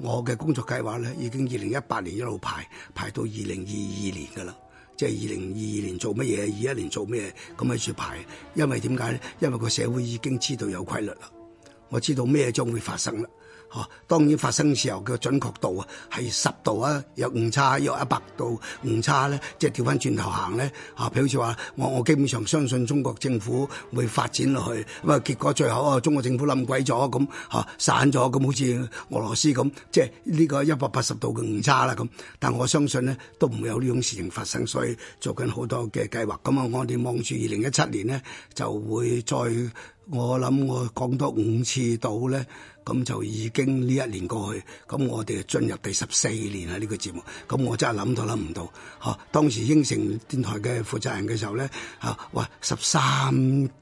我嘅工作計劃咧，已經二零一八年一路排排到二零二二年噶啦，即係二零二二年做乜嘢，二一年做咩，咁啊，全排。因為點解咧？因為個社會已經知道有規律啦，我知道咩將會發生啦。哦，當然發生時候嘅準確度啊，係十度啊，有誤差有一百度誤差咧，即係調翻轉頭行咧，啊，譬如好似話，我我基本上相信中國政府會發展落去，咁啊結果最後啊，中國政府冧鬼咗咁，嚇散咗咁，好似俄羅斯咁，即係呢個一百八十度嘅誤差啦咁，但我相信咧都唔會有呢種事情發生，所以做緊好多嘅計劃，咁啊我哋望住二零一七年呢，就會再。我諗我講多五次到咧，咁就已經呢一年過去，咁我哋進入第十四年啦呢、這個節目，咁我真係諗都諗唔到，嚇、啊、當時應承電台嘅負責人嘅時候咧，嚇哇十三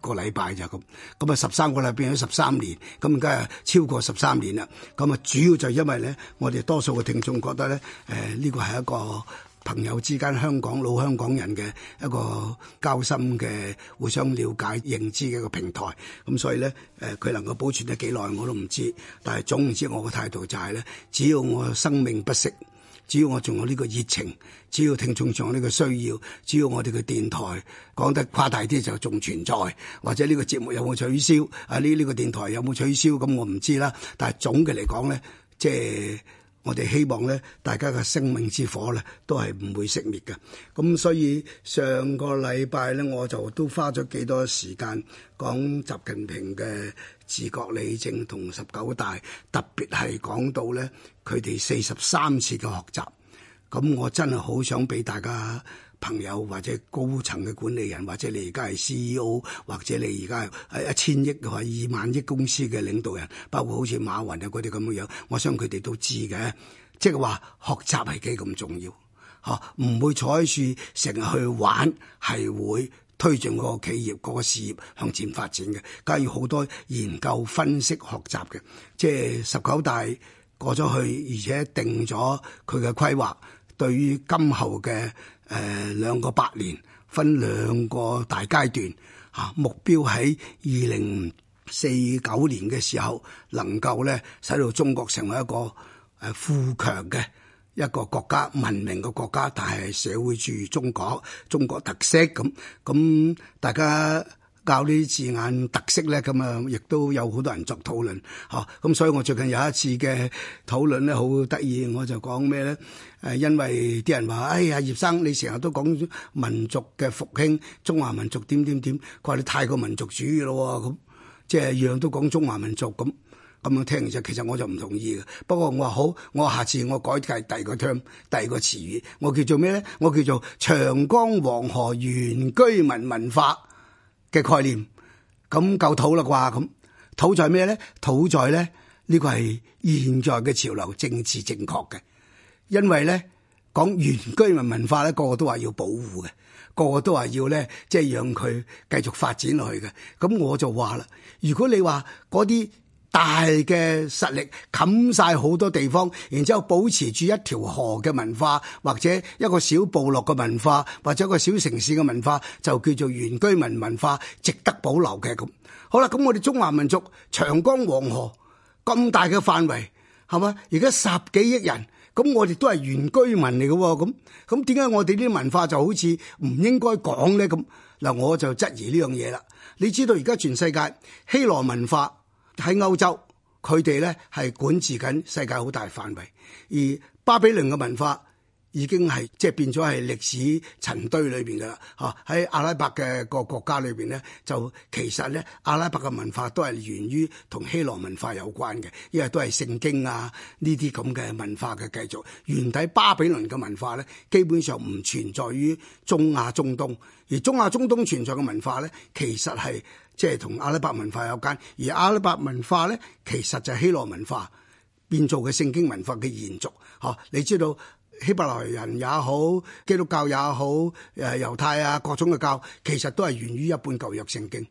個禮拜就咁，咁啊十三個禮拜變咗十三年，咁而家啊超過十三年啦，咁啊主要就係因為咧，我哋多數嘅聽眾覺得咧，誒呢個係一個。朋友之間，香港老香港人嘅一個交心嘅互相了解、認知嘅一個平台。咁所以咧，誒佢能夠保存得幾耐我都唔知。但係總之我個態度就係、是、咧，只要我生命不息，只要我仲有呢個熱情，只要聽眾仲有呢個需要，只要我哋嘅電台講得誇大啲就仲存在，或者呢個節目有冇取消啊？呢、這、呢個電台有冇取消咁我唔知啦。但係總嘅嚟講咧，即係。我哋希望咧，大家嘅生命之火咧，都係唔會熄滅嘅。咁，所以上個禮拜咧，我就都花咗幾多時間講習近平嘅治國理政同十九大，特別係講到咧佢哋四十三次嘅學習。咁我真係好想俾大家朋友或者高層嘅管理人，或者你而家係 CEO，或者你而家係一千億或二萬億公司嘅領導人，包括好似馬雲啊嗰啲咁嘅樣，我想佢哋都知嘅，即係話學習係幾咁重要，嚇、啊、唔會坐喺樹成日去玩，係會推進個企業、個事業向前發展嘅。加上好多研究分析學習嘅，即係十九大過咗去，而且定咗佢嘅規劃。對於今後嘅誒、呃、兩個百年，分兩個大階段嚇、啊，目標喺二零四九年嘅時候，能夠咧使到中國成為一個誒、呃、富強嘅一個國家、文明嘅國家，但係社會主義中國、中國特色咁咁，大家。教呢啲字眼特色咧，咁啊，亦都有好多人作討論，嚇、啊、咁。所以我最近有一次嘅討論咧，好得意。我就講咩咧？誒，因為啲人話，哎呀，葉生，你成日都講民族嘅復興，中華民族點點點。佢話你太過民族主義咯，咁、嗯、即係樣都講中華民族咁咁樣，樣聽完之。其實我就唔同意嘅。不過我話好，我下次我改替第二個 term，第二個詞語，我叫做咩咧？我叫做長江黃河原居民文化。嘅概念，咁夠土啦啩？咁土在咩咧？土在咧呢個係現在嘅潮流，政治正確嘅。因為咧講原居民文化咧，個個都話要保護嘅，個個都話要咧，即係讓佢繼續發展落去嘅。咁我就話啦，如果你話嗰啲。大嘅實力冚晒好多地方，然之後保持住一條河嘅文化，或者一個小部落嘅文化，或者一個小城市嘅文化，就叫做原居民文化，值得保留嘅咁。好啦，咁我哋中華民族長江黃河咁大嘅範圍，係嘛？而家十幾億人，咁我哋都係原居民嚟嘅喎，咁咁點解我哋啲文化就好似唔應該講呢？咁嗱，我就質疑呢樣嘢啦。你知道而家全世界希羅文化？喺歐洲，佢哋咧係管治緊世界好大範圍，而巴比倫嘅文化已經係即係變咗係歷史塵堆裏邊噶啦。嚇，喺阿拉伯嘅各個國家裏邊咧，就其實咧，阿拉伯嘅文化都係源於同希羅文化有關嘅，因為都係聖經啊呢啲咁嘅文化嘅繼續。原底巴比倫嘅文化咧，基本上唔存在於中亞、中東，而中亞、中東存在嘅文化咧，其實係。即係同阿拉伯文化有關，而阿拉伯文化咧，其實就係希羅文化變做嘅聖經文化嘅延續。嚇、啊，你知道希伯來人也好，基督教也好，誒、啊、猶太啊各種嘅教，其實都係源於一本舊約聖經。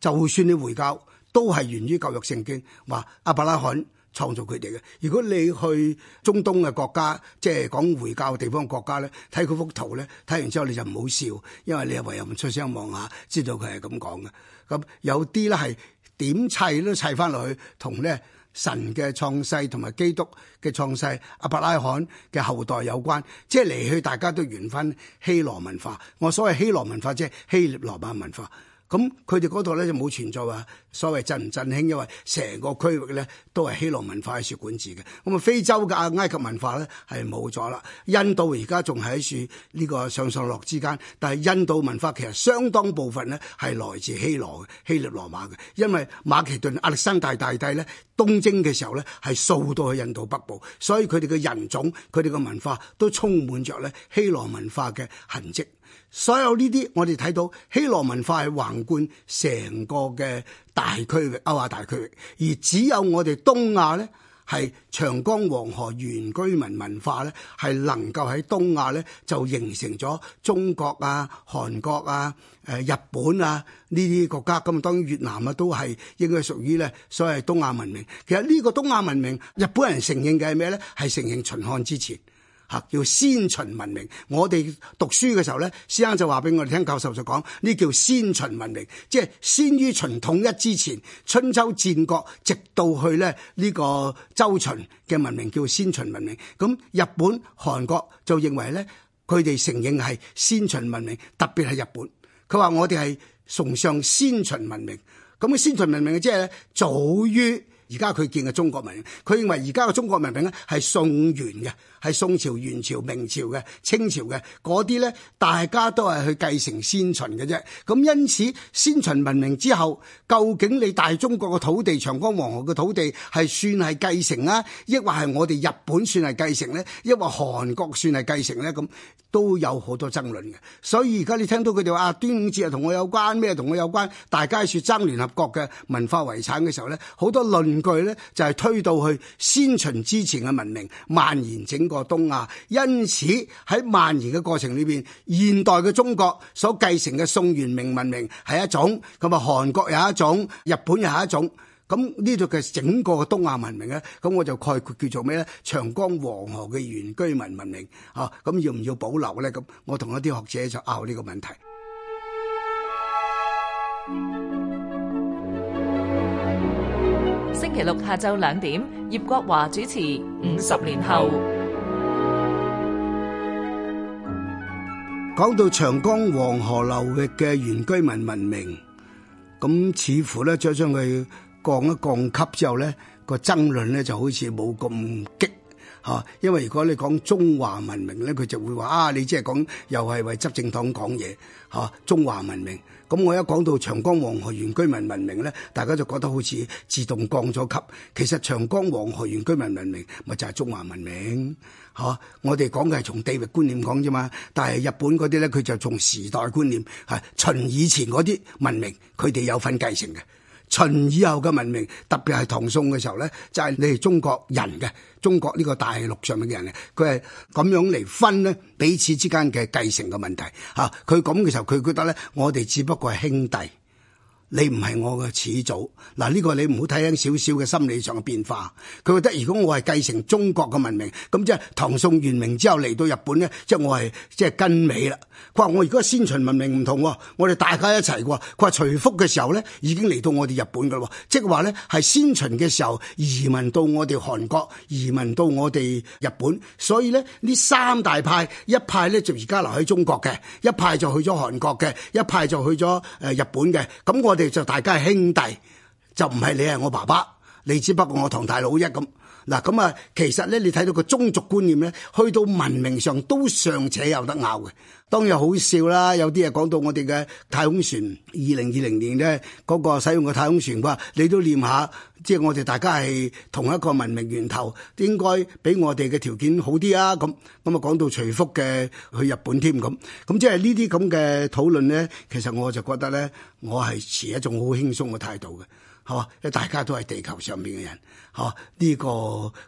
就算你回教都係源於舊約聖經，話阿伯拉罕創造佢哋嘅。如果你去中東嘅國家，即係講回教地方嘅國家咧，睇嗰幅圖咧，睇完之後你就唔好笑，因為你係唯有唔出聲望下，知道佢係咁講嘅。咁有啲咧係點砌都砌翻落去，同咧神嘅創世同埋基督嘅創世，阿伯拉罕嘅後代有關，即係嚟去大家都緣分希羅文化。我所謂希羅文化即係希臘羅馬文化。咁佢哋嗰度咧就冇存在話所謂振唔振興，因為成個區域咧都係希羅文化喺處管治嘅。咁啊，非洲嘅阿埃及文化咧係冇咗啦。印度而家仲喺處呢個上上落之間，但係印度文化其實相當部分咧係來自希羅嘅希臘羅馬嘅，因為馬其頓亞歷山大大帝咧東征嘅時候咧係掃到去印度北部，所以佢哋嘅人種，佢哋嘅文化都充滿着咧希羅文化嘅痕迹。所有呢啲我哋睇到希羅文化係橫貫成個嘅大區域歐亞大區域，而只有我哋東亞咧係長江黃河原居民文化咧係能夠喺東亞咧就形成咗中國啊、韓國啊、誒日本啊呢啲國家。咁當然越南啊都係應該屬於咧所謂東亞文明。其實呢個東亞文明，日本人承認嘅係咩咧？係承認秦漢之前。吓叫先秦文明，我哋讀書嘅時候咧，先生就話俾我哋聽，教授就講呢叫先秦文明，即係先於秦統一之前，春秋戰國直到去咧呢個周秦嘅文明叫先秦文明。咁日本、韓國就認為咧，佢哋承認係先秦文明，特別係日本，佢話我哋係崇尚先秦文明。咁嘅先秦文明嘅即係早於。而家佢見嘅中國文明，佢認為而家嘅中國文明咧係宋元嘅，係宋朝、元朝、明朝嘅、清朝嘅啲咧，大家都係去繼承先秦嘅啫。咁因此，先秦文明之後究竟你大中國嘅土地、長江黃河嘅土地係算係繼承啊，抑或係我哋日本算係繼承咧？抑或韓國算係繼承咧？咁都有好多爭論嘅。所以而家你聽到佢哋話啊端午節啊，同我有關咩？同我有關大家說爭聯合國嘅文化遺產嘅時候咧，好多論。據咧就係推到去先秦之前嘅文明，蔓延整個東亞。因此喺蔓延嘅過程裏邊，現代嘅中國所繼承嘅宋元明文明係一種，咁韓國有一種，日本又係一種。咁呢度嘅整個嘅東亞文明咧，咁我就概括叫做咩咧？長江黃河嘅原居民文明。吓，咁要唔要保留咧？咁我同一啲學者就拗呢個問題。星期六下晝兩點，葉國華主持《五十年後》。講到長江、黃河流域嘅原居民文明，咁似乎咧再將佢降一降級之後咧，個爭論咧就好似冇咁激。嚇，因為如果你講中華文明咧，佢就會話啊，你即係講又係為執政黨講嘢嚇。中華文明，咁我一講到長江黃河原居民文明咧，大家就覺得好似自動降咗級。其實長江黃河原居民文明咪就係、是、中華文明嚇、啊。我哋講嘅係從地域觀念講啫嘛，但係日本嗰啲咧，佢就從時代觀念係秦、啊、以前嗰啲文明，佢哋有份繼承嘅。秦以後嘅文明，特別係唐宋嘅時候咧，就係你哋中國人嘅中國呢個大陸上面嘅人咧，佢係咁樣嚟分咧彼此之間嘅繼承嘅問題吓，佢咁嘅時候佢覺得咧，我哋只不過係兄弟。你唔係我嘅始祖，嗱、這、呢個你唔好睇輕少少嘅心理上嘅變化。佢覺得如果我係繼承中國嘅文明，咁即係唐宋元明之後嚟到日本咧，即係我係即係跟尾啦。佢話我而家先秦文明唔同喎，我哋大家一齊嘅喎。佢話徐福嘅時候咧，已經嚟到我哋日本嘅喎，即係話咧係先秦嘅時候移民到我哋韓國移民到我哋日本。所以咧呢三大派，一派咧就而家留喺中國嘅，一派就去咗韓國嘅，一派就去咗誒日本嘅。咁我。我哋就大家係兄弟，就唔係，你係我爸爸，你只不過我堂大佬一咁。嗱咁啊，其實咧，你睇到個宗族觀念咧，去到文明上都尚且有得拗嘅。當然好笑啦，有啲啊講到我哋嘅太空船，二零二零年咧嗰個使用嘅太空船，話你都念下，即係我哋大家係同一個文明源頭，應該比我哋嘅條件好啲啊！咁咁啊，講到徐福嘅去日本添咁，咁即係呢啲咁嘅討論咧，其實我就覺得咧，我係持一種好輕鬆嘅態度嘅。嚇，因為大家都係地球上面嘅人，嚇呢、這個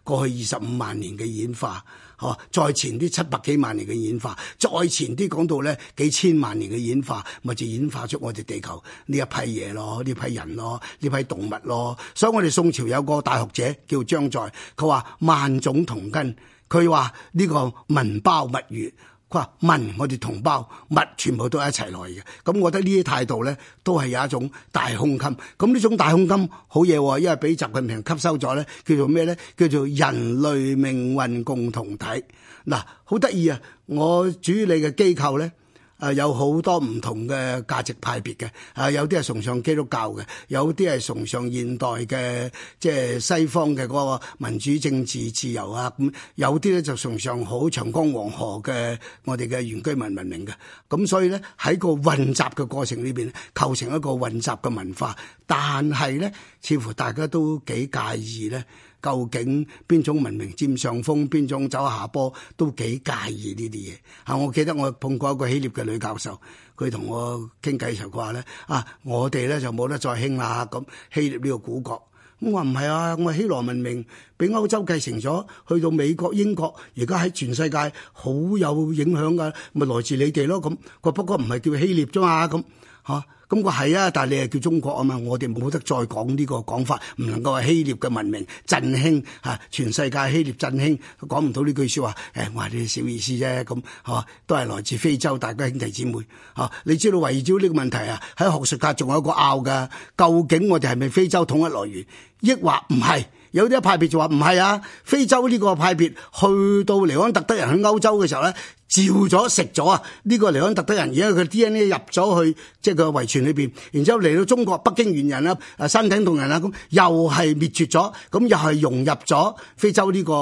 過去二十五萬年嘅演化，嚇再前啲七百幾萬年嘅演化，再前啲講到咧幾千萬年嘅演化，咪就就演化出我哋地球呢一批嘢咯，呢批人咯，呢批批動物咯。所以我哋宋朝有個大學者叫張載，佢話萬種同根，佢話呢個民胞物與。佢話問我哋同胞物全部都一齊來嘅，咁我覺得呢啲態度咧都係有一種大胸襟。咁呢種大胸襟好嘢喎，因為俾習近平吸收咗咧，叫做咩咧？叫做人類命運共同體。嗱，好得意啊！我主理嘅機構咧。啊，有好多唔同嘅價值派別嘅，啊，有啲係崇尚基督教嘅，有啲係崇尚現代嘅，即係西方嘅嗰個民主政治自由啊，咁有啲咧就崇尚好長江黃河嘅我哋嘅原居民文明嘅，咁所以咧喺個混雜嘅過程裏邊，構成一個混雜嘅文化，但係咧，似乎大家都幾介意咧。究竟邊種文明佔上風，邊種走下坡，都幾介意呢啲嘢嚇。我記得我碰過一個希臘嘅女教授，佢同我傾偈嘅時候佢話咧：啊，我哋咧就冇得再興啦咁，希臘呢個古國。咁我話唔係啊，我希羅文明俾歐洲繼承咗，去到美國、英國，而家喺全世界好有影響噶，咪來自你哋咯咁。不過不過唔係叫希臘啫嘛咁嚇。咁個係啊，但係你係叫中國啊嘛，我哋冇得再講呢個講法，唔能夠話希臘嘅文明振興嚇、啊、全世界希臘振興，講唔到呢句説話。誒、哎，我話你小意思啫，咁、啊、嚇、啊、都係來自非洲，大家兄弟姊妹嚇、啊。你知道圍繞呢個問題啊，喺學術界仲有一個拗㗎，究竟我哋係咪非洲統一來源，抑或唔係？有啲派別就話唔係啊，非洲呢個派別去到尼安特德、德、德人喺歐洲嘅時候咧。照咗食咗啊！呢、這個尼安特德人，而家佢 D N A 入咗去，即係佢遺傳裏邊，然之後嚟到中國北京猿人啊，誒山頂洞人啊，咁又係滅絕咗，咁又係融入咗非洲呢個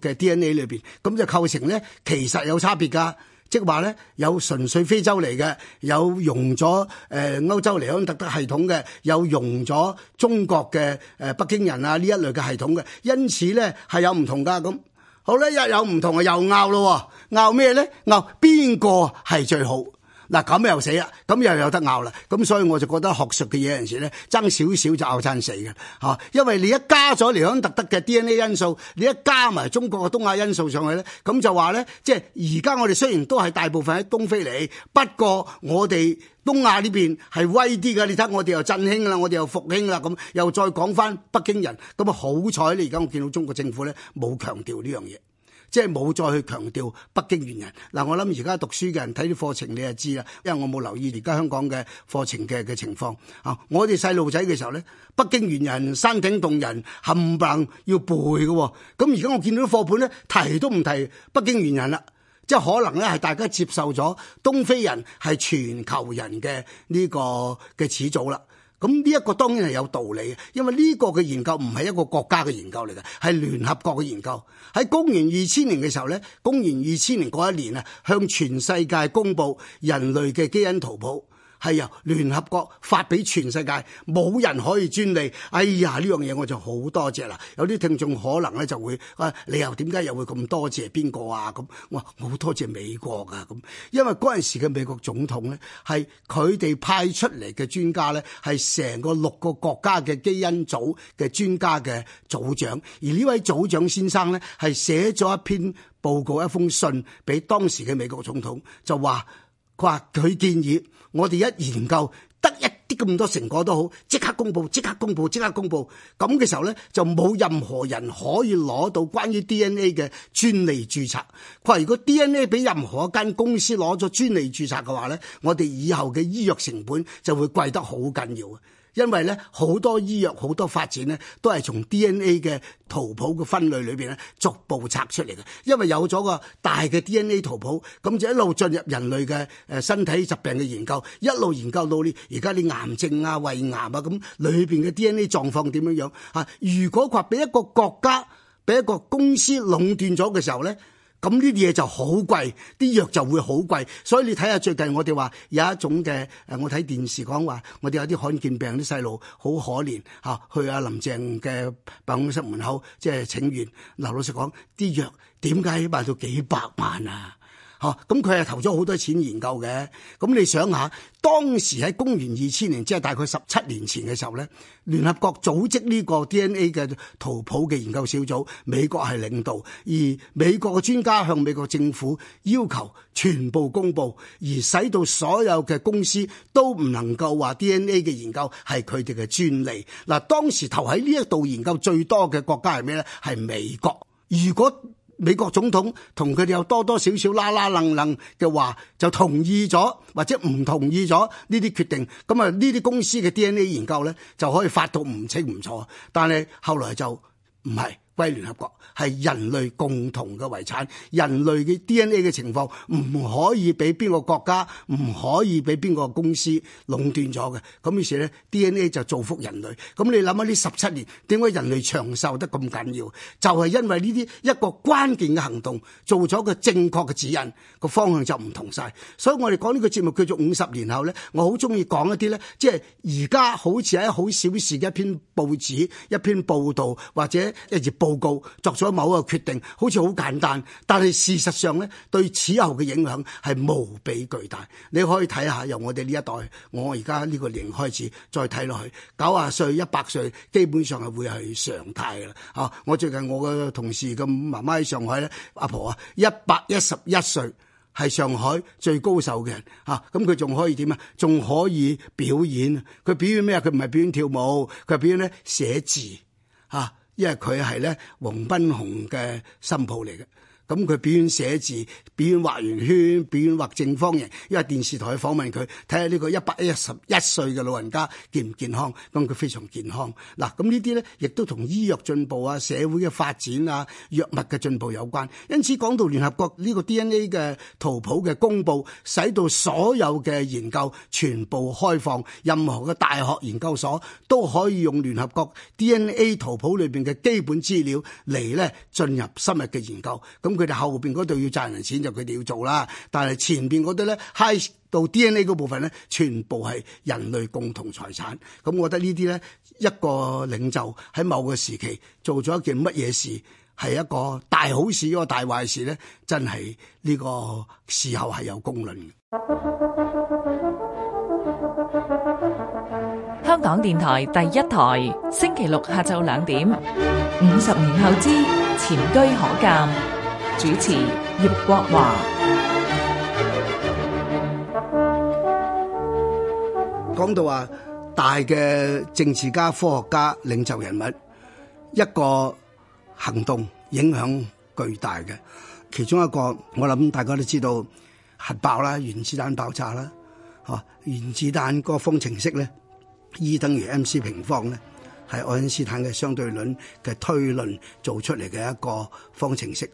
嘅 D N A 裏邊，咁、嗯、就構成咧，其實有差別噶。即係話咧，有純粹非洲嚟嘅，有融咗誒歐洲尼安特德系統嘅，有融咗中國嘅誒北京人啊呢一類嘅系統嘅，因此咧係有唔同噶咁。嗯好啦，又有唔同啊，又拗咯，拗咩咧？拗邊個係最好？嗱咁又死啊！咁又有得拗啦！咁所以我就覺得學術嘅嘢有陣時咧爭少少就拗親死嘅吓、啊，因為你一加咗尼安德特嘅 DNA 因素，你一加埋中國嘅東亞因素上去咧，咁就話咧，即係而家我哋雖然都係大部分喺東非嚟，不過我哋東亞呢邊係威啲嘅。你睇我哋又振興啦，我哋又復興啦，咁又再講翻北京人，咁啊好彩你而家我見到中國政府咧冇強調呢樣嘢。即係冇再去強調北京猿人嗱，我諗而家讀書嘅人睇啲課程，你就知啦，因為我冇留意而家香港嘅課程嘅嘅情況啊！我哋細路仔嘅時候咧，北京猿人、山頂洞人冚唪唥要背嘅喎，咁而家我見到啲課本咧，提都唔提北京猿人啦，即係可能咧係大家接受咗東非人係全球人嘅呢個嘅始祖啦。咁呢一個當然係有道理嘅，因為呢個嘅研究唔係一個國家嘅研究嚟嘅，係聯合國嘅研究。喺公元二千年嘅時候呢，公元二千年嗰一年啊，向全世界公布人類嘅基因圖譜。係由聯合國發俾全世界，冇人可以專利。哎呀，呢樣嘢我就好多謝啦。有啲聽眾可能咧就會，誒、啊，你又點解又會咁多謝邊個啊？咁我好多謝美國噶、啊，咁因為嗰陣時嘅美國總統咧，係佢哋派出嚟嘅專家咧，係成個六個國家嘅基因組嘅專家嘅組長。而呢位組長先生咧，係寫咗一篇報告一封信俾當時嘅美國總統，就話。佢話佢建議我哋一研究得一啲咁多成果都好，即刻公布，即刻公布，即刻公布。咁嘅時候呢，就冇任何人可以攞到關於 DNA 嘅專利註冊。佢話如果 DNA 俾任何一間公司攞咗專利註冊嘅話呢，我哋以後嘅醫藥成本就會貴得好緊要。因為咧，好多醫藥好多發展咧，都係從 DNA 嘅圖譜嘅分類裏邊咧，逐步拆出嚟嘅，因為有咗個大嘅 DNA 圖譜，咁就一路進入人類嘅誒身體疾病嘅研究，一路研究到你而家啲癌症啊、胃癌啊咁裏邊嘅 DNA 狀況點樣樣吓、啊，如果話俾一個國家俾一個公司壟斷咗嘅時候咧，咁呢啲嘢就好貴，啲藥就會好貴，所以你睇下最近我哋話有一種嘅，誒我睇電視講話，我哋有啲罕見病啲細路好可憐嚇，去阿林鄭嘅辦公室門口即係、就是、請願。劉老實講啲藥點解賣到幾百萬啊？嚇！咁佢係投咗好多錢研究嘅。咁、嗯、你想下，當時喺公元二千年，即係大概十七年前嘅時候，呢聯合國組織呢個 DNA 嘅圖譜嘅研究小組，美國係領導，而美國嘅專家向美國政府要求全部公佈，而使到所有嘅公司都唔能夠話 DNA 嘅研究係佢哋嘅專利。嗱、啊，當時投喺呢一度研究最多嘅國家係咩呢？係美國。如果美國總統同佢哋有多多少少啦啦楞楞嘅話，就同意咗或者唔同意咗呢啲決定，咁啊呢啲公司嘅 DNA 研究咧就可以發到唔清唔楚，但係後來就唔係。歸聯合國係人類共同嘅遺產，人類嘅 D N A 嘅情況唔可以俾邊個國家，唔可以俾邊個公司壟斷咗嘅。咁於是咧，D N A 就造福人類，咁你諗下呢十七年，點解人類長壽得咁緊要？就係、是、因為呢啲一個關鍵嘅行動做咗個正確嘅指引，個方向就唔同晒，所以我哋講呢個節目叫做五十年後咧，我、就是、好中意講一啲咧，即係而家好似喺好小事嘅一篇報紙一篇報道或者一報告作咗某個決定，好似好簡單，但係事實上咧，對此後嘅影響係無比巨大。你可以睇下，由我哋呢一代，我而家呢個年開始再睇落去，九啊歲、一百歲，基本上係會係常態噶啦。啊，我最近我嘅同事嘅媽媽喺上海咧，阿、啊、婆啊，一百一十一歲，係上海最高壽嘅人。嚇、啊，咁佢仲可以點啊？仲可以表演。佢表演咩啊？佢唔係表演跳舞，佢係表演咧寫字。嚇、啊！因為，佢係咧黃斌雄嘅新抱嚟嘅。咁佢表演寫字，表演畫圓圈，表演畫正方形。因為電視台訪問佢，睇下呢個一百一十一歲嘅老人家健唔健康，咁佢非常健康。嗱，咁呢啲咧，亦都同醫藥進步啊、社會嘅發展啊、藥物嘅進步有關，因此，講到聯合國呢個 DNA 嘅圖譜嘅公布使到所有嘅研究全部開放，任何嘅大學研究所都可以用聯合國 DNA 圖譜裏邊嘅基本資料嚟咧進入深入嘅研究。咁。佢哋後邊嗰度要賺人錢就佢哋要做啦，但係前邊嗰啲咧 high 到 DNA 嗰部分咧，全部係人類共同財產。咁、嗯、我覺得呢啲咧，一個領袖喺某個時期做咗一件乜嘢事，係一個大好事，一個大壞事咧，真係呢個事後係有公論嘅。香港電台第一台，星期六下晝兩點，五十年後之前車可鑒。主持葉國華講到話大嘅政治家、科學家、領袖人物一個行動影響巨大嘅，其中一個我諗大家都知道核爆啦、原子彈爆炸啦，吓原子彈個方程式咧，E 等於 MC 平方咧係愛因斯坦嘅相對論嘅推論做出嚟，嘅一個方程式。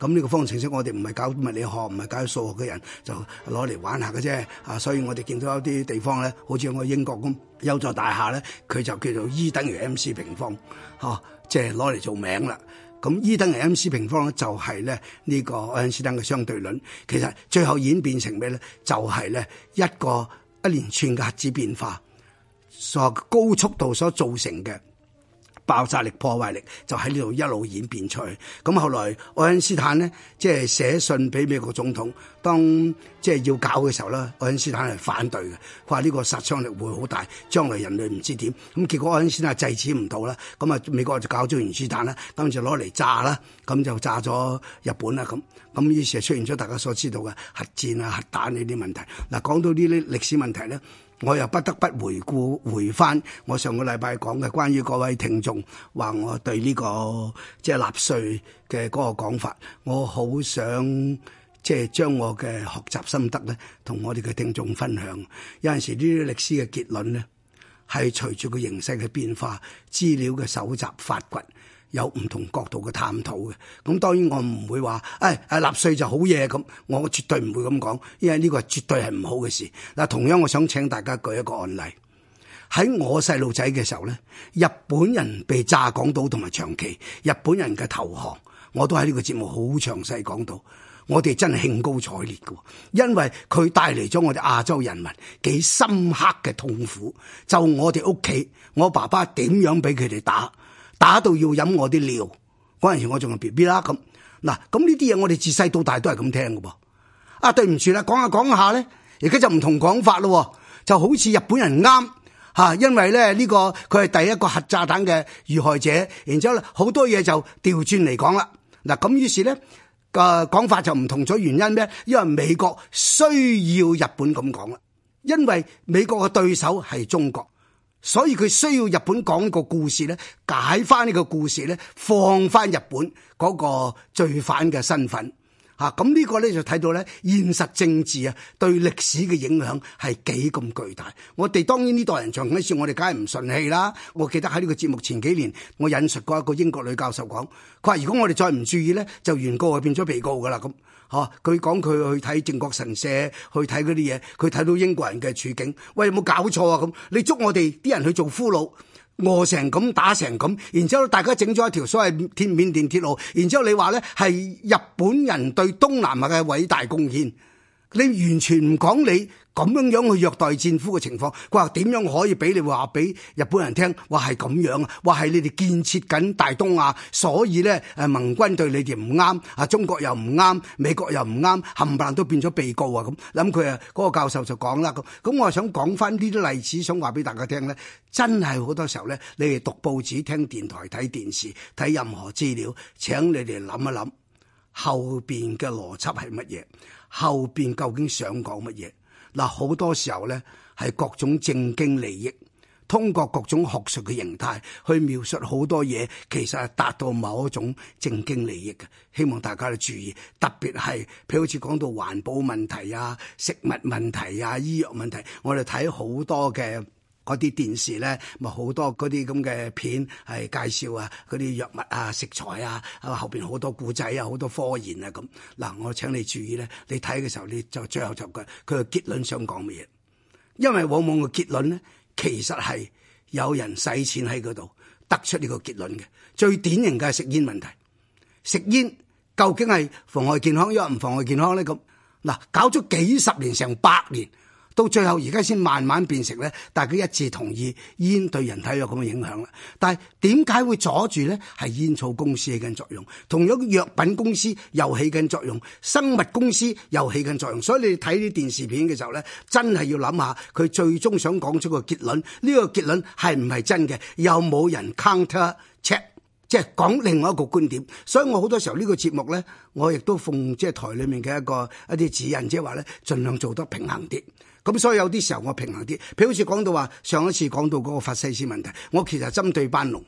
咁呢個方程式，我哋唔係搞物理學、唔係搞數學嘅人就攞嚟玩下嘅啫。啊，所以我哋見到有啲地方咧，好似我英國咁，優座大廈咧，佢就叫做 E 等於 MC 平方，嚇、啊，即係攞嚟做名啦。咁 E 等於 MC 平方咧，就係咧呢個愛因斯坦嘅相對論。其實最後演變成咩咧？就係咧一個一連串嘅核子變化，所高速度所造成嘅。爆炸力、破壞力就喺呢度一路演變出去。咁後來愛因斯坦呢，即係寫信俾美國總統，當即係要搞嘅時候啦，愛因斯坦係反對嘅，佢話呢個殺傷力會好大，將來人類唔知點。咁結果愛因斯坦制止唔到啦，咁啊美國就搞咗原子彈啦，跟住攞嚟炸啦，咁就炸咗日本啦。咁咁於是出現咗大家所知道嘅核戰啊、核彈呢啲問題。嗱，講到呢啲呢歷史問題咧。我又不得不回顧回翻我上個禮拜講嘅關於各位聽眾話，我對呢個即係納稅嘅嗰個講法，我好想即係將我嘅學習心得咧，同我哋嘅聽眾分享。有陣時呢啲歷史嘅結論咧，係隨住個形勢嘅變化、資料嘅搜集發掘。有唔同角度嘅探討嘅，咁當然我唔會話，誒誒納稅就好嘢咁，我絕對唔會咁講，因為呢個係絕對係唔好嘅事。嗱，同樣我想請大家舉一個案例，喺我細路仔嘅時候咧，日本人被炸港島同埋長崎日本人嘅投降，我都喺呢個節目好詳細講到。我哋真係興高采烈嘅，因為佢帶嚟咗我哋亞洲人民幾深刻嘅痛苦。就我哋屋企，我爸爸點樣俾佢哋打？打到要飲我啲尿，嗰陣時我仲係 B B 啦，咁，嗱，咁呢啲嘢，我哋自細到大都係咁聽㗎噃。啊，對唔住啦，講下講下咧，而家就唔同講法咯，就好似日本人啱，吓，啊，因為咧呢，呢個佢係第一個核炸彈嘅遇害者，然之後咧好多嘢就調轉嚟講啦。嗱，咁於是咧嘅講法就唔同咗，原因咩？因為美國需要日本咁講啦，因為美國嘅對手係中國。所以佢需要日本講個故事咧，解翻呢個故事咧，放翻日本嗰個罪犯嘅身份。啊！咁、這個、呢個咧就睇到咧現實政治啊，對歷史嘅影響係幾咁巨大。我哋當然呢代人講緊事，我哋梗係唔順氣啦。我記得喺呢個節目前幾年，我引述過一個英國女教授講，佢話如果我哋再唔注意咧，就原告就變咗被告噶啦咁。嚇、啊！佢講佢去睇靖國神社，去睇嗰啲嘢，佢睇到英國人嘅處境，喂，有冇搞錯啊？咁你捉我哋啲人去做俘虜？餓、呃、成咁，打成咁，然之後大家整咗一條所謂緬甸鐵路，然之後你話咧係日本人對東南亞嘅偉大貢獻。你完全唔講你咁樣樣去虐待戰俘嘅情況，佢話點樣可以俾你話俾日本人聽？話係咁樣啊，話係你哋建設緊大東亞，所以咧誒，盟軍對你哋唔啱，啊中國又唔啱，美國又唔啱，冚唪唥都變咗被告啊！咁諗佢啊，嗰個教授就講啦。咁，咁我想講翻呢啲例子，想話俾大家聽咧，真係好多時候咧，你哋讀報紙、聽電台、睇電視、睇任何資料，請你哋諗一諗後邊嘅邏輯係乜嘢。後邊究竟想講乜嘢？嗱，好多時候咧係各種正經利益，通過各種學術嘅形態去描述好多嘢，其實係達到某一種正經利益嘅。希望大家都注意，特別係譬如好似講到環保問題啊、食物問題啊、醫藥問題，我哋睇好多嘅。嗰啲電視咧，咪好多嗰啲咁嘅片，係介紹啊，嗰啲藥物啊、食材啊，後邊好多故仔啊、好多科研啊咁。嗱，我請你注意咧，你睇嘅時候你就最後就嘅佢嘅結論想講乜嘢？因為往往個結論咧，其實係有人使錢喺嗰度得出呢個結論嘅。最典型嘅係食煙問題，食煙究竟係妨礙健康，一唔妨礙健康咧咁？嗱，搞咗幾十年，成百年。到最後而家先慢慢變成咧，大家一致同意煙對人體有咁嘅影響啦。但係點解會阻住咧？係煙草公司起緊作用，同樣藥品公司又起緊作用，生物公司又起緊作用。所以你睇啲電視片嘅時候咧，真係要諗下佢最終想講出個結論，呢個結論係唔係真嘅？有冇人 counter check，即係講另外一個觀點？所以我好多時候呢個節目咧，我亦都奉即係台裡面嘅一個一啲指引，即係話咧，儘量做得平衡啲。咁、嗯、所以有啲時候我平衡啲，譬如好似講到話上一次講到嗰個法西斯問題，我其實針對班農。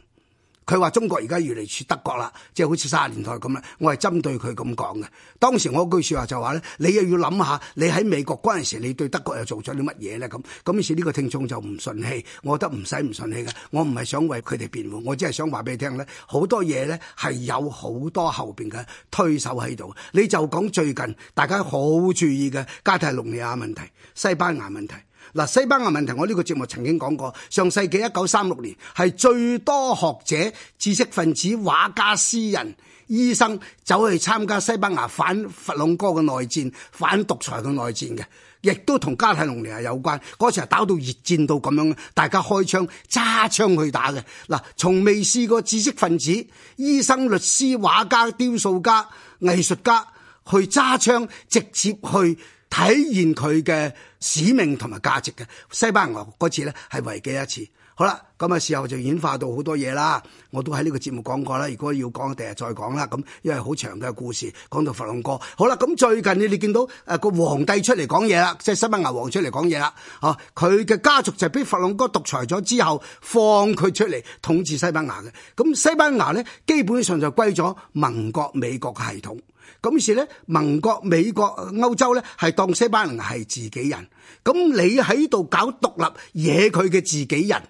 佢話中國而家越嚟越似德國啦，即係好似三十年代咁啦。我係針對佢咁講嘅。當時我句説話就話咧，你又要諗下，你喺美國嗰陣時，你對德國又做咗啲乜嘢咧？咁咁於是呢個聽眾就唔順氣，我覺得唔使唔順氣嘅，我唔係想為佢哋辯護，我只係想話俾你聽咧，好多嘢咧係有好多後邊嘅推手喺度。你就講最近大家好注意嘅加泰隆尼亞問題、西班牙問題。嗱，西班牙問題，我呢個節目曾經講過，上世紀一九三六年係最多學者、知識分子、畫家、詩人、醫生走去參加西班牙反佛朗哥嘅內戰、反獨裁嘅內戰嘅，亦都同加泰隆尼亞有關。嗰時係打到熱戰到咁樣，大家開槍揸槍去打嘅。嗱，從未試過知識分子、醫生、律師、畫家、雕塑家、藝術家、藝術家去揸槍直接去。體現佢嘅使命同埋價值嘅，西班牙嗰次咧係違記一次。好啦。咁事後就演化到好多嘢啦，我都喺呢個節目講過啦。如果要講，第日再講啦。咁因為好長嘅故事，講到佛朗哥。好啦，咁最近你哋見到誒個皇帝出嚟講嘢啦，即係西班牙王出嚟講嘢啦。嚇，佢嘅家族就係俾佛朗哥獨裁咗之後放佢出嚟統治西班牙嘅。咁西班牙咧基本上就歸咗盟國美國系統。咁於是咧盟國美國歐洲咧係當西班牙係自己人。咁你喺度搞獨立，惹佢嘅自己人。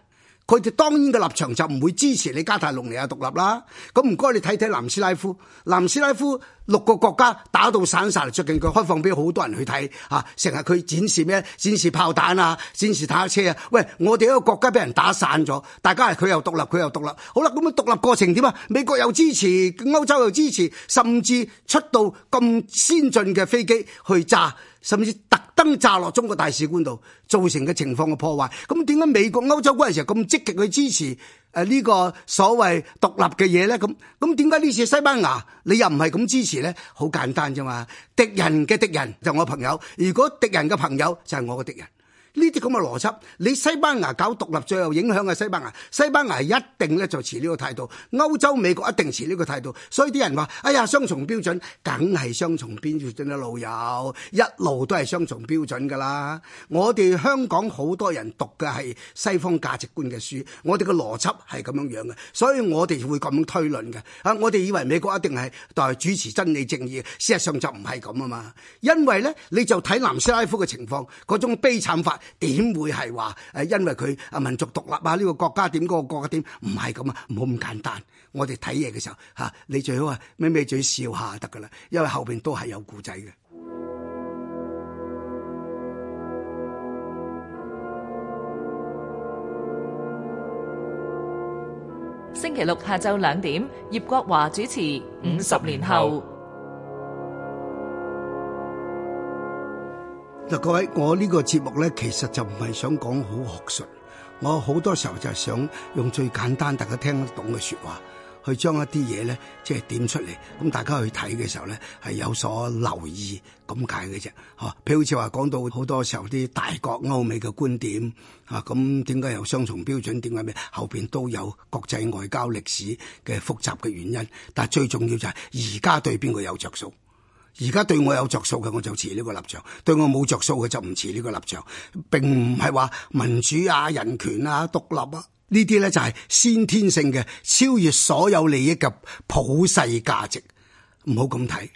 佢哋當然嘅立場就唔會支持你加泰隆尼亞獨立啦。咁唔該，你睇睇南斯拉夫，南斯拉夫六個國家打到散晒，嚟，最近佢開放俾好多人去睇嚇，成日佢展示咩？展示炮彈啊，展示坦克車啊。喂，我哋一個國家俾人打散咗，大家係佢又獨立，佢又獨立。好啦，咁樣獨立過程點啊？美國又支持，歐洲又支持，甚至出到咁先進嘅飛機去炸，甚至。燈炸落中國大使館度造成嘅情況嘅破壞，咁點解美國、歐洲嗰陣時候咁積極去支持誒呢、啊這個所謂獨立嘅嘢咧？咁咁點解呢次西班牙你又唔係咁支持咧？好簡單啫嘛，敵人嘅敵人就我朋友，如果敵人嘅朋友就係我嘅敵人。呢啲咁嘅邏輯，你西班牙搞獨立，最後影響嘅西班牙。西班牙一定咧就持呢個態度，歐洲、美國一定持呢個態度。所以啲人話哎呀，雙重標準梗係雙重標準啦，老友一路都係雙重標準噶啦。我哋香港好多人讀嘅係西方價值觀嘅書，我哋嘅邏輯係咁樣樣嘅，所以我哋會咁樣推論嘅。啊，我哋以為美國一定係代主持真理正義，事實上就唔係咁啊嘛。因為咧，你就睇南斯拉夫嘅情況，嗰種悲慘法。點會係話誒？因為佢啊，民族獨立啊，呢個國家點，嗰個國家點？唔係咁啊，唔好咁簡單。我哋睇嘢嘅時候吓，你最好啊，咪咪嘴笑下就得㗎喇，因為後邊都係有故仔嘅。星期六下晝兩點，葉國華主持《五十年後》。各位，我呢個節目咧，其實就唔係想講好學術，我好多時候就係想用最簡單大家聽得懂嘅説話，去將一啲嘢咧，即係點出嚟，咁大家去睇嘅時候咧，係有所留意咁解嘅啫。嚇，譬如好似話講到好多時候啲大國歐美嘅觀點，嚇咁點解有雙重標準？點解咩後邊都有國際外交歷史嘅複雜嘅原因？但係最重要就係而家對邊個有着數。而家對我有着數嘅，我就持呢個立場；對我冇着數嘅，就唔持呢個立場。並唔係話民主啊、人權啊、獨立啊呢啲咧，就係先天性嘅超越所有利益嘅普世價值。唔好咁睇。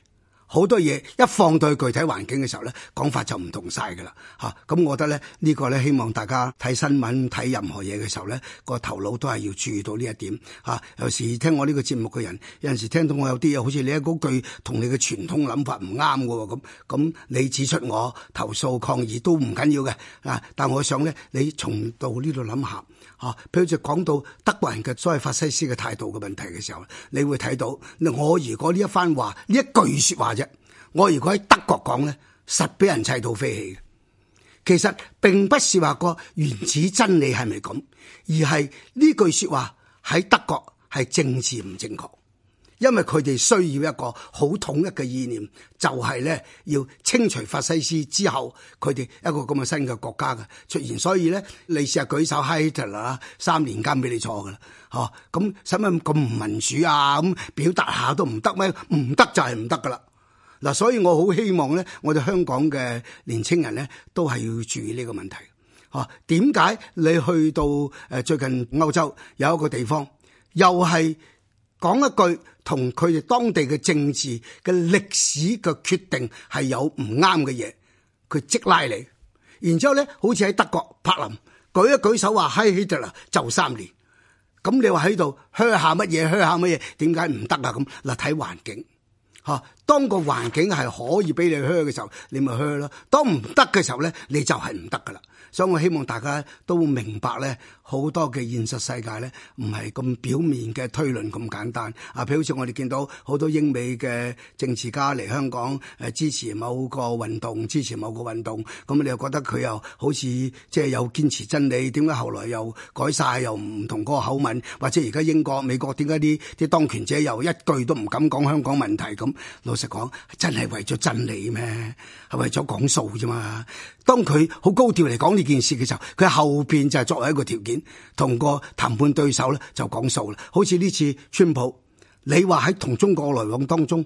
好多嘢一放到具體環境嘅時候咧，講法就唔同晒噶啦嚇！咁、啊、我覺得咧，這個、呢個咧，希望大家睇新聞睇任何嘢嘅時候咧，個頭腦都係要注意到呢一點吓，有、啊、時聽我呢個節目嘅人，有陣時聽到我有啲嘢，好似你一句同你嘅傳統諗法唔啱嘅喎咁，咁你指出我投訴抗議都唔緊要嘅啊！但我想咧，你從到呢度諗下吓、啊、譬如就講到德國人嘅所謂法西斯嘅態度嘅問題嘅時候，你會睇到我如果呢一番話呢一句說話啫。我如果喺德國講呢，實俾人砌到飛起嘅。其實並不是話個原始真理係咪咁，而係呢句説話喺德國係政治唔正確，因為佢哋需要一個好統一嘅意念，就係呢，要清除法西斯之後，佢哋一個咁嘅新嘅國家嘅出現。所以呢，你試下舉手 Hitler 啦，三年監俾你坐噶啦，嚇，咁使乜咁唔民主啊？咁表達下都唔得咩？唔得就係唔得噶啦。嗱，所以我好希望咧，我哋香港嘅年青人咧，都係要注意呢個問題。吓，點解你去到誒最近歐洲有一個地方，又係講一句同佢哋當地嘅政治嘅歷史嘅決定係有唔啱嘅嘢，佢即拉你，然之後咧，好似喺德國柏林舉一舉手話，嗨希特勒，就三年，咁你話喺度噓下乜嘢噓下乜嘢？點解唔得啊？咁嗱，睇環境。吓，當個環境係可以俾你靴嘅時候，你咪靴咯。當唔得嘅時候咧，你就係唔得噶啦。所以我希望大家都明白咧，好多嘅現實世界咧，唔係咁表面嘅推論咁簡單啊，譬如好似我哋見到好多英美嘅政治家嚟香港誒支持某個運動，支持某個運動，咁你又覺得佢又好似即係有堅持真理？點解後來又改晒又唔同個口吻？或者而家英國、美國點解啲啲當權者又一句都唔敢講香港問題咁？老實講真係為咗真理咩？係為咗講數啫嘛。當佢好高調嚟講。件事嘅時候，佢喺後邊就係作為一個條件，同個談判對手咧就講數啦。好似呢次川普，你話喺同中國來往當中，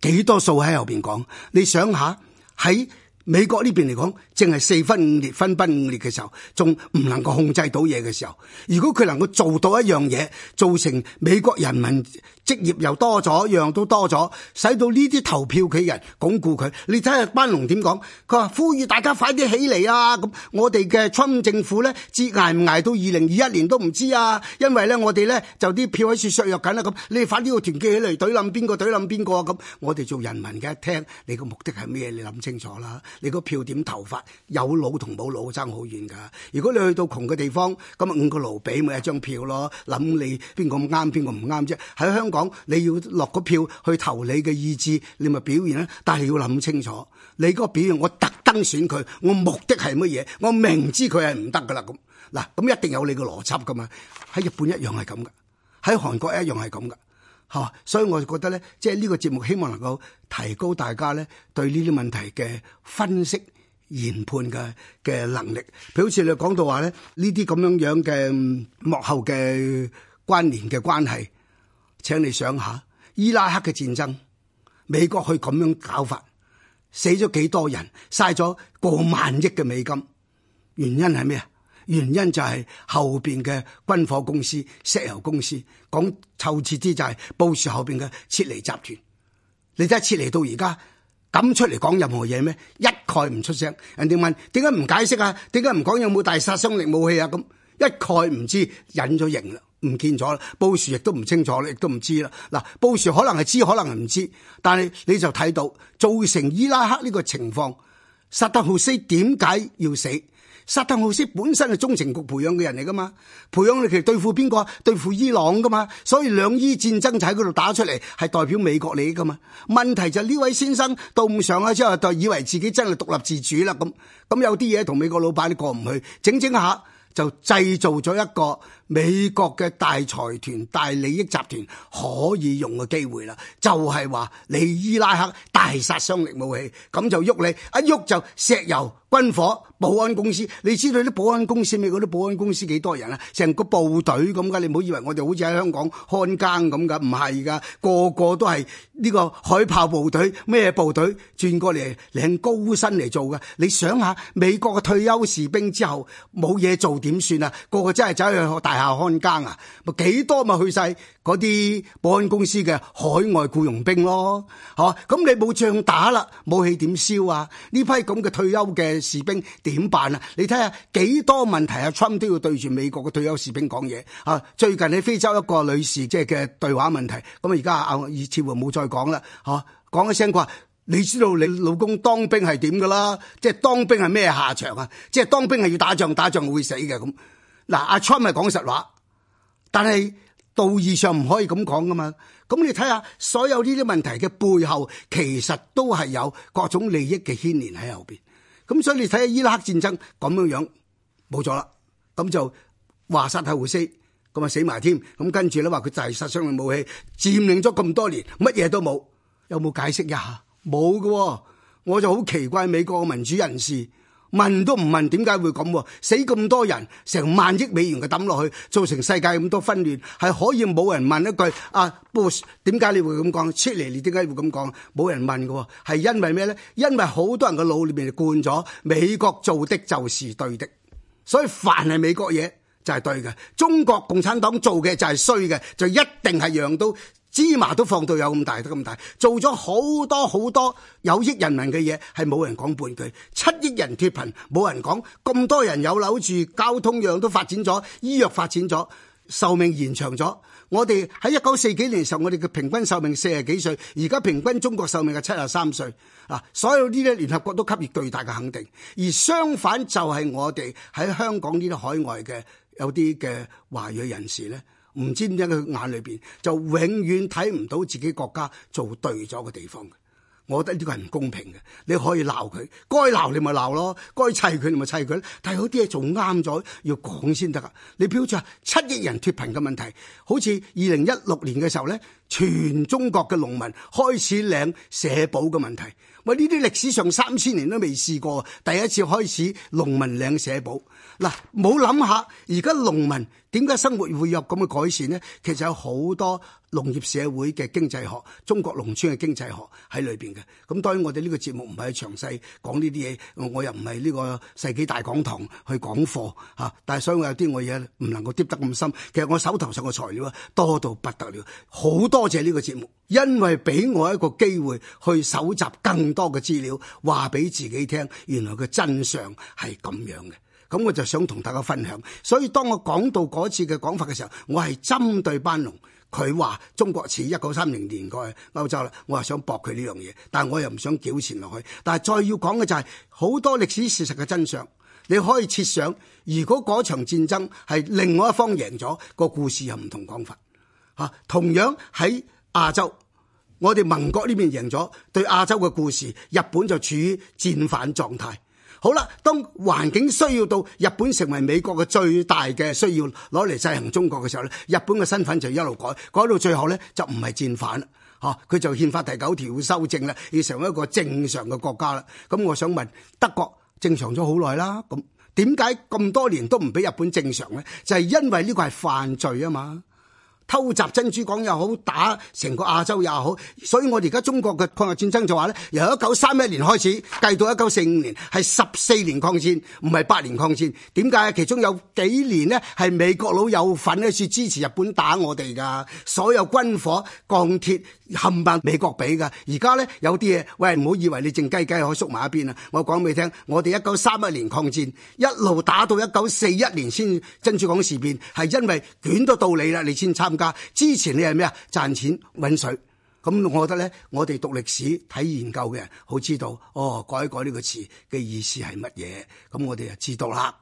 幾多數喺後邊講，你想下喺。美國呢邊嚟講，正係四分五裂、分崩五裂嘅時候，仲唔能夠控制到嘢嘅時候。如果佢能夠做到一樣嘢，造成美國人民職業又多咗，樣都多咗，使到呢啲投票嘅人鞏固佢。你睇下班農點講，佢話呼籲大家快啲起嚟啊！咁我哋嘅村政府呢，至捱唔捱到二零二一年都唔知啊！因為呢，我哋呢，就啲票喺處削弱緊啦。咁你哋快啲要團結起嚟，懟冧邊個？懟冧邊個啊？咁我哋做人民嘅，一聽你個目的係咩？你諗清楚啦！你個票點投法有腦同冇腦爭好遠㗎。如果你去到窮嘅地方，咁啊五個盧比咪一張票咯。諗你邊個咁啱邊個唔啱啫。喺香港你要落個票去投你嘅意志，你咪表現啦。但係要諗清楚，你嗰個表現，我特登選佢，我目的係乜嘢？我明知佢係唔得㗎啦。咁嗱，咁一定有你嘅邏輯㗎嘛。喺日本一樣係咁㗎，喺韓國一樣係咁㗎。嚇！ 所以我就覺得咧，即係呢個節目，希望能夠提高大家咧對呢啲問題嘅分析、研判嘅嘅能力。譬如好似你講到話咧，呢啲咁樣樣嘅幕後嘅關聯嘅關係，請你想下伊拉克嘅戰爭，美國去咁樣搞法，死咗幾多人，嘥咗過萬億嘅美金，原因係咩啊？原因就係後邊嘅軍火公司、石油公司，講透徹啲就係布什後邊嘅撤離集團。你睇撤離到而家敢出嚟講任何嘢咩？一概唔出聲。人哋問點解唔解釋啊？點解唔講有冇大殺傷力武器啊？咁一概唔知，隱咗形啦，唔見咗啦。布什亦都唔清楚，亦都唔知啦。嗱，布什可能係知，可能係唔知。但係你就睇到造成伊拉克呢個情況，薩德豪斯點解要死？沙特奧斯本身係中情局培養嘅人嚟噶嘛，培養你其實對付邊個？對付伊朗噶嘛，所以兩伊戰爭就喺嗰度打出嚟，係代表美國利益噶嘛。問題就係呢位先生到唔上啦，之後就以為自己真係獨立自主啦咁，咁有啲嘢同美國老闆你過唔去，整整下就製造咗一個。美國嘅大財團大利益集團可以用嘅機會啦，就係話你伊拉克大殺傷力武器，咁就喐你一喐就石油、軍火、保安公司。你知道啲保安公司美國啲保安公司幾多人啊？成個部隊咁㗎，你唔好以為我哋好似喺香港看更咁㗎，唔係㗎，個個都係呢個海豹部隊咩部隊轉過嚟領高薪嚟做㗎。你想下美國嘅退休士兵之後冇嘢做點算啊？個個真係走去大學大。下看更啊，咪幾多咪去晒嗰啲保安公司嘅海外僱傭兵咯。吓、啊、咁、嗯、你冇仗打啦，武器點燒啊？呢批咁嘅退休嘅士兵點辦啊？你睇下幾多問題啊？Trump 都要對住美國嘅退休士兵講嘢啊！最近喺非洲一個女士即係嘅對話問題，咁、嗯、啊而家啊似乎冇再講啦，吓講一聲話、啊，你知道你老公當兵係點噶啦？即係當兵係咩下場啊？即係當兵係、啊、要打仗，打仗會死嘅咁。啊嗱，阿 Trump 咪講實話，但係道義上唔可以咁講噶嘛。咁你睇下所有呢啲問題嘅背後，其實都係有各種利益嘅牽連喺後邊。咁所以你睇下伊拉克戰爭咁樣樣，冇咗啦，咁就話殺太會死，咁啊死埋添。咁跟住咧話佢就係殺傷嘅武器，佔領咗咁多年，乜嘢都冇，有冇解釋呀？冇嘅、哦，我就好奇怪美國嘅民主人士。問都唔問，點解會咁，啊？死咁多人，成萬億美元嘅抌落去，造成世界咁多分亂，係可以冇人問一句啊？Bush 點解你會咁講？出嚟你點解會咁講？冇人問嘅，啊，係因為咩咧？因為好多人嘅腦裏邊灌咗美國做的就是對的，所以凡係美國嘢，就係對嘅，中國共產黨做嘅就係衰嘅，就一定係揚到芝麻都放到有咁大得咁大，做咗好多好多有益人民嘅嘢，係冇人講半句。七億人脫貧，冇人講咁多人有樓住，交通樣都發展咗，醫藥發展咗，壽命延長咗。我哋喺一九四幾年時候，我哋嘅平均壽命四十幾歲，而家平均中國壽命係七十三歲啊！所有呢啲聯合國都給予巨大嘅肯定，而相反就係我哋喺香港呢啲海外嘅。有啲嘅華裔人士咧，唔知點解佢眼裏邊就永遠睇唔到自己國家做對咗嘅地方嘅，我覺得呢個係唔公平嘅。你可以鬧佢，該鬧你咪鬧咯，該砌佢你咪砌佢。但係有啲嘢做啱咗，要講先得啊。你比如話七億人脫貧嘅問題，好似二零一六年嘅時候咧，全中國嘅農民開始領社保嘅問題，喂，呢啲歷史上三千年都未試過，第一次開始農民領社保。嗱，冇諗下，而家農民點解生活會有咁嘅改善咧？其實有好多農業社會嘅經濟學，中國農村嘅經濟學喺裏邊嘅。咁、嗯、當然我哋呢個節目唔係去詳細講呢啲嘢，我又唔係呢個世紀大講堂去講課吓、啊，但係所以有我有啲我嘢唔能夠跌得咁深。其實我手頭上嘅材料啊多到不得了，好多謝呢個節目，因為俾我一個機會去蒐集更多嘅資料，話俾自己聽，原來嘅真相係咁樣嘅。咁我就想同大家分享，所以當我講到嗰次嘅講法嘅時候，我係針對班農，佢話中國似一九三零年過去歐洲啦，我係想駁佢呢樣嘢，但係我又唔想糾纏落去。但係再要講嘅就係好多歷史事實嘅真相，你可以設想，如果嗰場戰爭係另外一方贏咗，個故事又唔同講法嚇、啊。同樣喺亞洲，我哋盟國呢邊贏咗，對亞洲嘅故事，日本就處於戰犯狀態。好啦，當環境需要到日本成為美國嘅最大嘅需要攞嚟制衡中國嘅時候咧，日本嘅身份就一路改，改到最後咧就唔係戰犯啦，吓、啊、佢就憲法第九條修正啦，要成為一個正常嘅國家啦。咁、嗯、我想問，德國正常咗好耐啦，咁點解咁多年都唔俾日本正常咧？就係、是、因為呢個係犯罪啊嘛。偷襲珍珠港又好，打成個亞洲又好，所以我哋而家中國嘅抗日戰爭就話咧，由一九三一年開始計到一九四五年，係十四年抗戰。唔係八年抗戰。點解？其中有幾年咧係美國佬有份咧，説支持日本打我哋噶，所有軍火、鋼鐵冚唪美國俾噶。而家咧有啲嘢，喂，唔好以為你靜雞雞可以縮埋一邊啊！我講俾你聽，我哋一九三一年抗戰一路打到一九四一年先珍珠港事變，係因為捲都到你啦，你先參。之前你係咩啊？賺錢搵水，咁我覺得咧，我哋讀歷史睇研究嘅人好知道，哦，改一改呢個詞嘅意思係乜嘢，咁我哋就知道啦。